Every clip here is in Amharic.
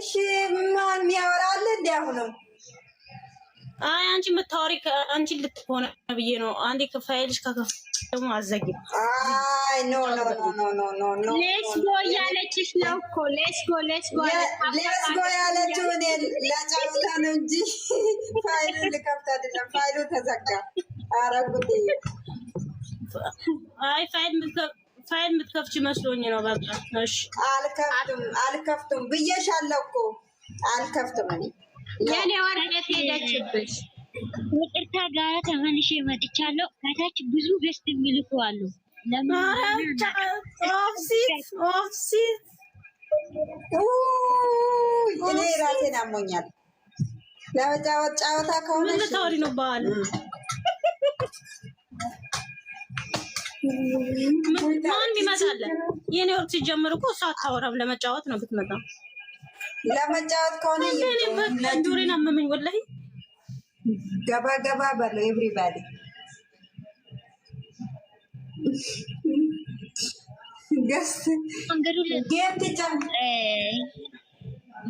እሺ ማን የሚያወራል እንዲ አሁንም አይ አንቺ የምታወሪ አንቺ ልትሆነ ብዬ ነው። አንዴ ከፋይልሽ ከከፍ ደግሞ አዘጊም። አይ ኖ ኖ ኖ ኖ ኖ ኖ ሌስ ጎ ያለችሽ ነው እኮ ሌስ ጎ ሌስ ጎ ሌስ ጎ ያለችው እኔ ለጫውታ ነው እንጂ ፋይሉ ልከፍት አይደለም። ፋይሉ ተዘጋ። አረ አይ ፋይል ምዝገብ ፋይል የምትከፍች መስሎኝ ነው። በቃ እሺ፣ አልከፍትም አልከፍትም ብዬሻለሁ እኮ አልከፍትም። እኔ የኔ ወረቀት ሄደችብሽ። ይቅርታ ጋር ተመልሼ መጥቻለሁ። ከታች ብዙ ገስት የሚልኩ አሉ። ኦፍሲት እኔ ራሴን አሞኛል። ለመጫወት ጫወታ ከሆነ ምን ልታወሪ ነው በኋላ ማንም ይመጣል። የኔ ወቅት ሲጀምር እኮ እሷ አታወራም። ለመጫወት ነው ብትመጣ ለመጫወት ከሆነ ዱሬን አመመኝ። ወላሂ ገባ ገባ በለው ኤቭሪባዲ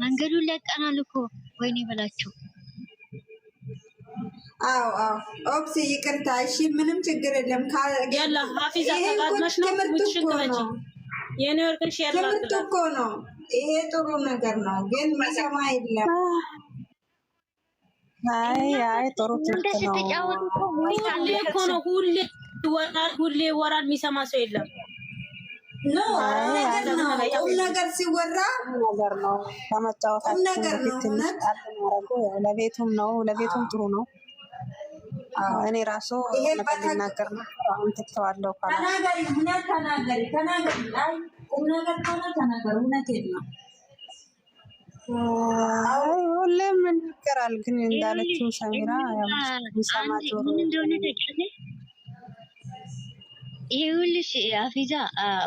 መንገዱን ለቀናል እኮ ወይኔ በላቸው አዎ አዎ፣ ኦፕስ ይቅርታ። እሺ፣ ምንም ችግር የለም። ያላ ሀፊዛ ተጋድመሽ ነው ትምህርት እኮ ነው። ይሄ ጥሩ ነገር ነው፣ ግን መሰማ የለም። ነው። ሁሌ እኮ ነው፣ ሁሌ ይወራል፣ ሁሌ ይወራል። የሚሰማ ሰው የለም። ቁም ነገር ሲወራ ነገር ነው፣ ከመጫወታችን ለቤቱም ነው፣ ለቤቱም ጥሩ ነው። እኔ ራሱ ልናገር አሁን ትተዋለው። ተናገሪ፣ እውነት ተናገሪ፣ ተናገሪ። ቁም ነገር ከሆነ ተናገሪ። እውነት ነው። ሁሌም እንገራል፣ ግን እንዳለችው ሰሚራ ሰማ ይሄ ሁልሽ አፊዛ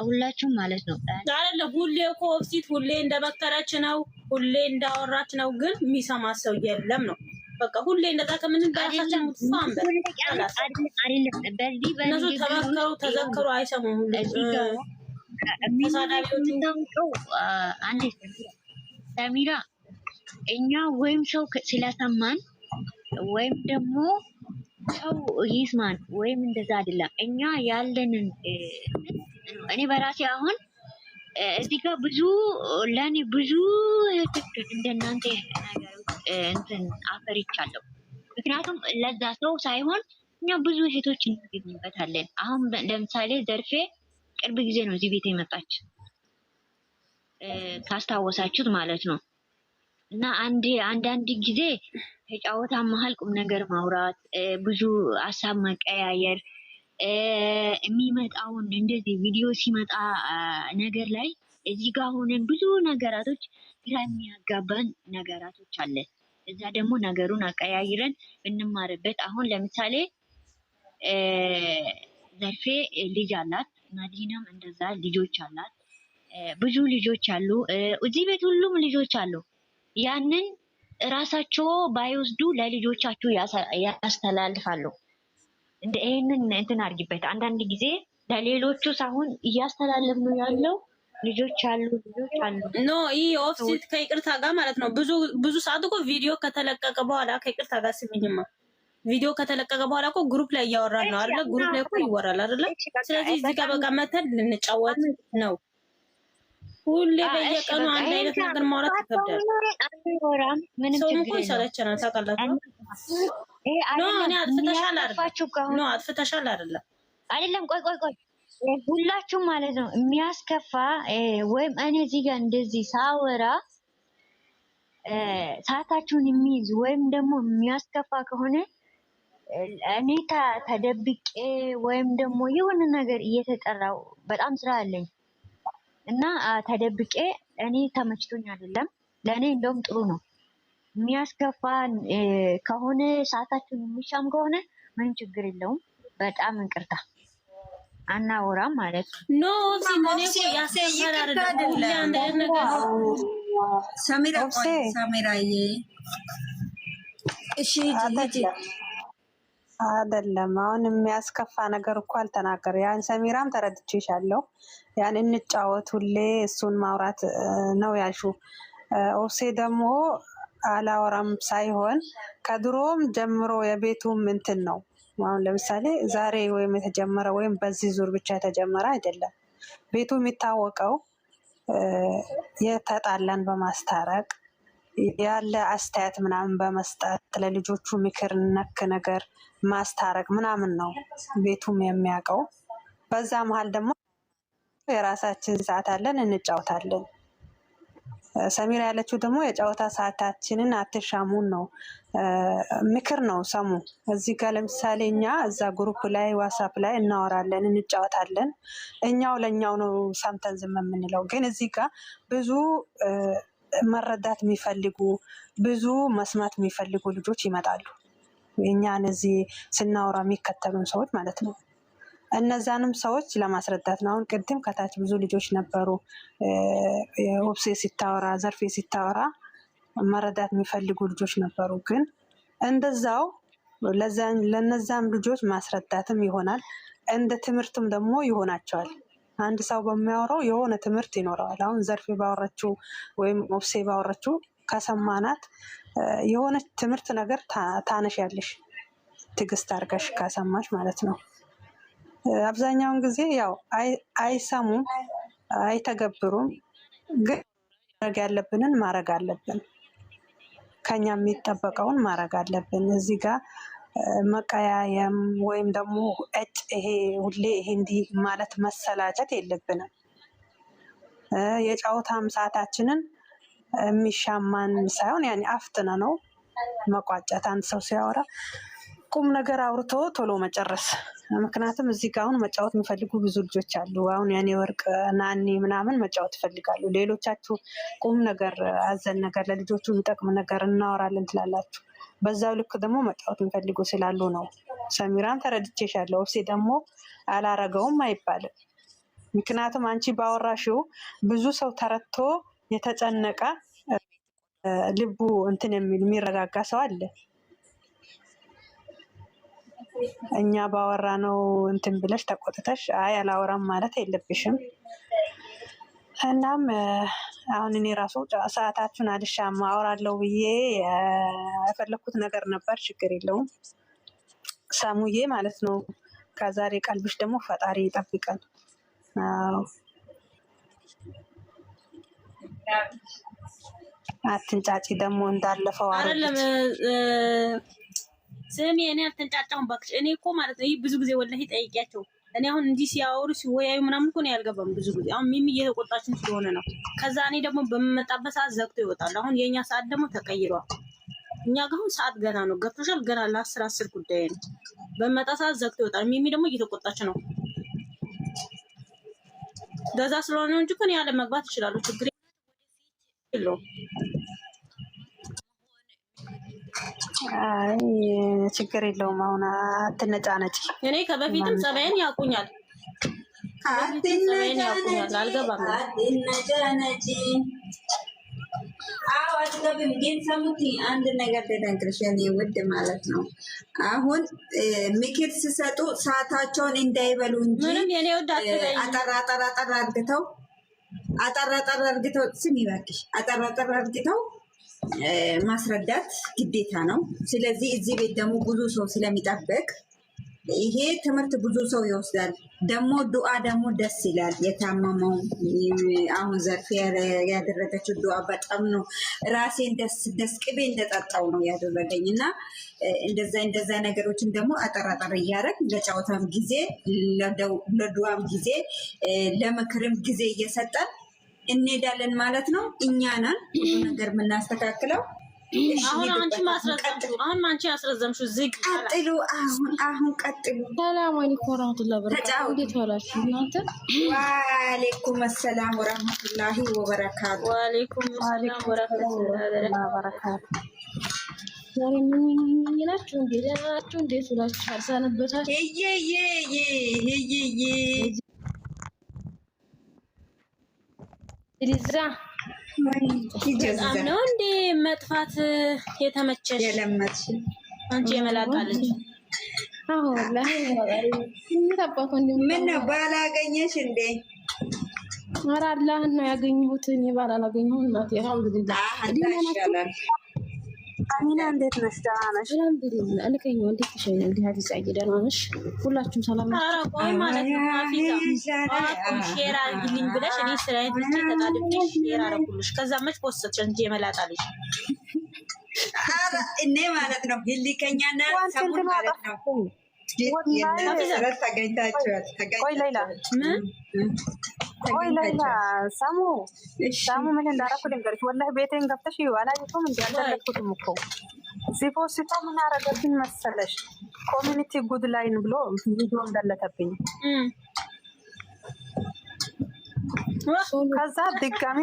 ሁላችሁም ማለት ነው አይደለ? ሁሌ ኮፍሲት ሁሌ እንደመከረች ነው፣ ሁሌ እንዳወራች ነው፣ ግን የሚሰማ ሰው የለም ነው በቃ ሁሌ እንደዛ ከምንል በራሳችን ተመከሩ፣ ተዘከሩ፣ አይሰሙም። ሰሚራ እኛ ወይም ሰው ስለሰማን ወይም ደግሞ ሰው ይስማን ወይም እንደዛ አይደለም። እኛ ያለንን እኔ በራሴ አሁን እዚህ ጋር ብዙ ለእኔ ብዙ እንደናንተ ነገር እንትን አፈሪቻለሁ። ምክንያቱም ለዛ ሰው ሳይሆን እኛ ብዙ ሴቶች እንገኝበታለን። አሁን ለምሳሌ ዘርፌ ቅርብ ጊዜ ነው እዚህ ቤት የመጣች ካስታወሳችሁት ማለት ነው። እና አንድ አንዳንድ ጊዜ ተጫወታ መሀል ቁም ነገር ማውራት፣ ብዙ ሀሳብ መቀያየር የሚመጣውን እንደዚህ ቪዲዮ ሲመጣ ነገር ላይ እዚህ ጋር ሆነን ብዙ ነገራቶች ግራ የሚያጋባን ነገራቶች አለ። እዛ ደግሞ ነገሩን አቀያይረን ብንማርበት። አሁን ለምሳሌ ዘርፌ ልጅ አላት፣ መዲናም እንደዛ ልጆች አላት። ብዙ ልጆች አሉ። እዚህ ቤት ሁሉም ልጆች አሉ። ያንን ራሳቸው ባይወስዱ ለልጆቻቸው ያስተላልፋሉ። ይህንን እንትን አድርጊበት። አንዳንድ ጊዜ ለሌሎቹ ሳይሆን እያስተላለፍ ነው ያለው ልጆች አሉ ልጆች አሉ። ኖ ይህ ኦፍሲት ከይቅርታ ጋር ማለት ነው። ብዙ ብዙ ሰዓት እኮ ቪዲዮ ከተለቀቀ በኋላ ከይቅርታ ጋር ስሚኝማ፣ ቪዲዮ ከተለቀቀ በኋላ እኮ ግሩፕ ላይ እያወራን ነው አለ። ግሩፕ ላይ እኮ ይወራል አለ። ስለዚህ እዚህ ጋር በቃ መተን ልንጫወት ነው። ሁሌ በየቀኑ አንድ አይነት ነገር ማውራት ይከብዳል። ሰውም እኮ ይሰለቸናል ታውቃላችሁ። ኖ እኔ አጥፍተሻል አይደለም፣ ኖ አጥፍተሻል አይደለም አይደለም። ቆይ ቆይ ቆይ ሁላችሁም ማለት ነው የሚያስከፋ ወይም እኔ እዚህ ጋር እንደዚህ ሳወራ ሰዓታችሁን የሚይዝ ወይም ደግሞ የሚያስከፋ ከሆነ እኔ ተደብቄ ወይም ደግሞ የሆነ ነገር እየተጠራው በጣም ስራ አለኝ እና ተደብቄ እኔ ተመችቶኝ አይደለም። ለእኔ እንደውም ጥሩ ነው። የሚያስከፋ ከሆነ ሰዓታችሁን የሚሻም ከሆነ ምንም ችግር የለውም። በጣም እንቅርታ አናወራም ማለት ኖ አይደለም። አሁን የሚያስከፋ ነገር እኮ አልተናገር። ያን ሰሚራም ተረድቼሻለሁ። ያን እንጫወት ሁሌ እሱን ማውራት ነው ያሹ ኦብሴ ደግሞ አላወራም ሳይሆን ከድሮም ጀምሮ የቤቱም እንትን ነው አሁን ለምሳሌ ዛሬ ወይም የተጀመረ ወይም በዚህ ዙር ብቻ የተጀመረ አይደለም። ቤቱ የሚታወቀው የተጣላን በማስታረቅ ያለ አስተያየት ምናምን በመስጠት ለልጆቹ ምክር ነክ ነገር ማስታረቅ ምናምን ነው ቤቱም የሚያውቀው። በዛ መሀል ደግሞ የራሳችን ሰዓት አለን፣ እንጫወታለን። ሰሚራ ያለችው ደግሞ የጨዋታ ሰዓታችንን አትሻሙን ነው ምክር ነው ሰሙ። እዚህ ጋር ለምሳሌ እኛ እዛ ግሩፕ ላይ ዋትሳፕ ላይ እናወራለን፣ እንጫወታለን። እኛው ለእኛው ነው ሰምተን ዝም የምንለው። ግን እዚህ ጋር ብዙ መረዳት የሚፈልጉ ብዙ መስማት የሚፈልጉ ልጆች ይመጣሉ። እኛን እዚህ ስናወራ የሚከተሉን ሰዎች ማለት ነው። እነዛንም ሰዎች ለማስረዳት ነው። አሁን ቅድም ከታች ብዙ ልጆች ነበሩ፣ ኦብሴ ሲታወራ ዘርፌ ሲታወራ መረዳት የሚፈልጉ ልጆች ነበሩ። ግን እንደዛው ለነዛም ልጆች ማስረዳትም ይሆናል፣ እንደ ትምህርትም ደግሞ ይሆናቸዋል። አንድ ሰው በሚያወራው የሆነ ትምህርት ይኖረዋል። አሁን ዘርፌ ባወረችው ወይም ኦብሴ ባወረችው ከሰማናት የሆነ ትምህርት ነገር ታነሽ ያለሽ ትግስት አድርገሽ ከሰማሽ ማለት ነው። አብዛኛውን ጊዜ ያው አይሰሙም፣ አይተገብሩም። ግን ማድረግ ያለብንን ማድረግ አለብን። ከኛ የሚጠበቀውን ማድረግ አለብን። እዚህ ጋር መቀያየም ወይም ደግሞ እጭ ይሄ ሁሌ ይሄ እንዲህ ማለት መሰላቸት የለብንም። የጨዋታም ሰዓታችንን የሚሻማን ሳይሆን ያኔ አፍጥነ ነው መቋጨት አንድ ሰው ሲያወራ ቁም ነገር አውርቶ ቶሎ መጨረስ። ምክንያቱም እዚህ ጋ አሁን መጫወት የሚፈልጉ ብዙ ልጆች አሉ። አሁን ያኔ ወርቅ ናኔ ምናምን መጫወት ይፈልጋሉ። ሌሎቻችሁ ቁም ነገር አዘን ነገር ለልጆቹ የሚጠቅም ነገር እናወራለን ትላላችሁ። በዛው ልክ ደግሞ መጫወት የሚፈልጉ ስላሉ ነው። ሰሚራን ተረድቼሻለሁ። እብሴ ደግሞ አላረገውም አይባልም። ምክንያቱም አንቺ ባወራሽው ብዙ ሰው ተረድቶ የተጨነቀ ልቡ እንትን የሚል የሚረጋጋ ሰው አለ። እኛ ባወራ ነው እንትን ብለሽ ተቆጥተሽ አይ አላወራም ማለት የለብሽም። እናም አሁን እኔ ራሱ ሰዓታችሁን አልሻም አወራለሁ ብዬ የፈለግኩት ነገር ነበር። ችግር የለውም ሳሙዬ ማለት ነው። ከዛሬ ቀልብሽ ደግሞ ፈጣሪ ይጠብቀን። አትንጫጭ ደግሞ እንዳለፈው አይደለም። ስሚ እኔ አልተንጫጫሁም እባክሽ። እኔ እኮ ማለት ነው ይህ ብዙ ጊዜ ወላሂ ጠይቂያቸው። እኔ አሁን እንዲህ ሲያወሩ ሲወያዩ ምናምን እኮ ነው ያልገባም ብዙ ጊዜ። አሁን ሚሚ እየተቆጣችን ስለሆነ ነው። ከዛ እኔ ደግሞ በምመጣበት ሰዓት ዘግቶ ይወጣል። አሁን የእኛ ሰዓት ደግሞ ተቀይሯል። እኛ ጋር አሁን ሰዓት ገና ነው። ገብቶሻል? ገና ለአስር አስር ጉዳይ ነው። በመጣ ሰዓት ዘግቶ ይወጣል። ሚሚ ደግሞ እየተቆጣች ነው። ገዛ ስለሆነ እንጂ እኮ እኔ ያለ መግባት ይችላሉ። ችግር የለውም። ችግር የለውም። አሁን አትነጫነጭ። እኔ ከበፊትም ጸበይን ያውቁኛል። አትነጫነጭ። ግን ሰሙቲ አንድ ነገር ልነግርሽ የእኔ ውድ ማለት ነው። አሁን ምክር ሲሰጡ ሰዓታቸውን እንዳይበሉ እንጂ አጠር አጠር አጠር አርግተው አጠር አጠር አርግተው ስም ይበቅሽ አጠር አጠር አርግተው ማስረዳት ግዴታ ነው። ስለዚህ እዚህ ቤት ደግሞ ብዙ ሰው ስለሚጠበቅ ይሄ ትምህርት ብዙ ሰው ይወስዳል። ደግሞ ዱዓ ደግሞ ደስ ይላል። የታመመው አሁን ዘርፍ ያደረገችው ዱዓ በጣም ነው ራሴን ደስ ደስ ቅቤ እንደጠጣው ነው ያደረገኝ እና እንደዛ እንደዛ ነገሮችን ደግሞ አጠራጠር እያደረግ ለጨዋታም ጊዜ ለዱዓም ጊዜ ለምክርም ጊዜ እየሰጠን እንሄዳለን ማለት ነው። እኛ ነን ሁሉ ነገር የምናስተካክለው። አሁን አንቺ ማስረዘምሽው አሁን አንቺ ያስረዘምሽው ቀጥሉ። አሁን አሁን ቀጥሉ። ሰላም አለይኩም ወራህመቱላሂ ወበረካቱ። እንዴት ዋላችሁ እናንተ? ወአለይኩም ሰላም ወራህመቱላሂ ወበረካቱ። ወአለይኩም ሰላም ወራህመቱላሂ ወበረካቱ። ዛሬ ምን ይላችሁ? እንዴት ናችሁ? እንዴት ውላችኋል? ሰነበታችሁ? ይዬ ሊዛ በጣም ነው እንዴ መጥፋት የተመቸሽ የለመድሽ አንቺ የመላጣ ልጅ ምን ባል አገኘሽ እንዴ? ኧረ አላህን ነው ያገኘሁት። እኔ ባል አላገኘሁም እናቴ አሚና እንዴት ነሽ? ደህና ነሽ? አልሐምዱሊላህ። ልከኝ እንዴት ነሽ? እንግዲህ ሀዲስ አቂ ደህና ነሽ? ሁላችሁም ሰላም ነው። ኧረ ቆይ ማለት ነው ሼር አድርጊልኝ ብለሽ እኔ ስራዬን ትቼ ተጣድብሽ ሼር አደረኩልሽ። ከዛ መች ፖስት እንጂ የመላጣልሽ እኔ ማለት ነው ህሊከኛና ሰሙን ማለት ነው ተገኝታችኋል። ተገኝታችኋል ምን ቆይ ላይላ ሳሙ ሳሙ ምን እንዳረኩ ልንገርሽ። ወላሂ ቤቴን ገብተሽ አላየኩም። እንዲ አልደረኩትም እኮ ዚፎ ሲቶ ምን አረገብኝ መሰለሽ? ኮሚኒቲ ጉድ ላይን ብሎ ቪዲዮ እንደለተብኝ ከዛ ድጋሚ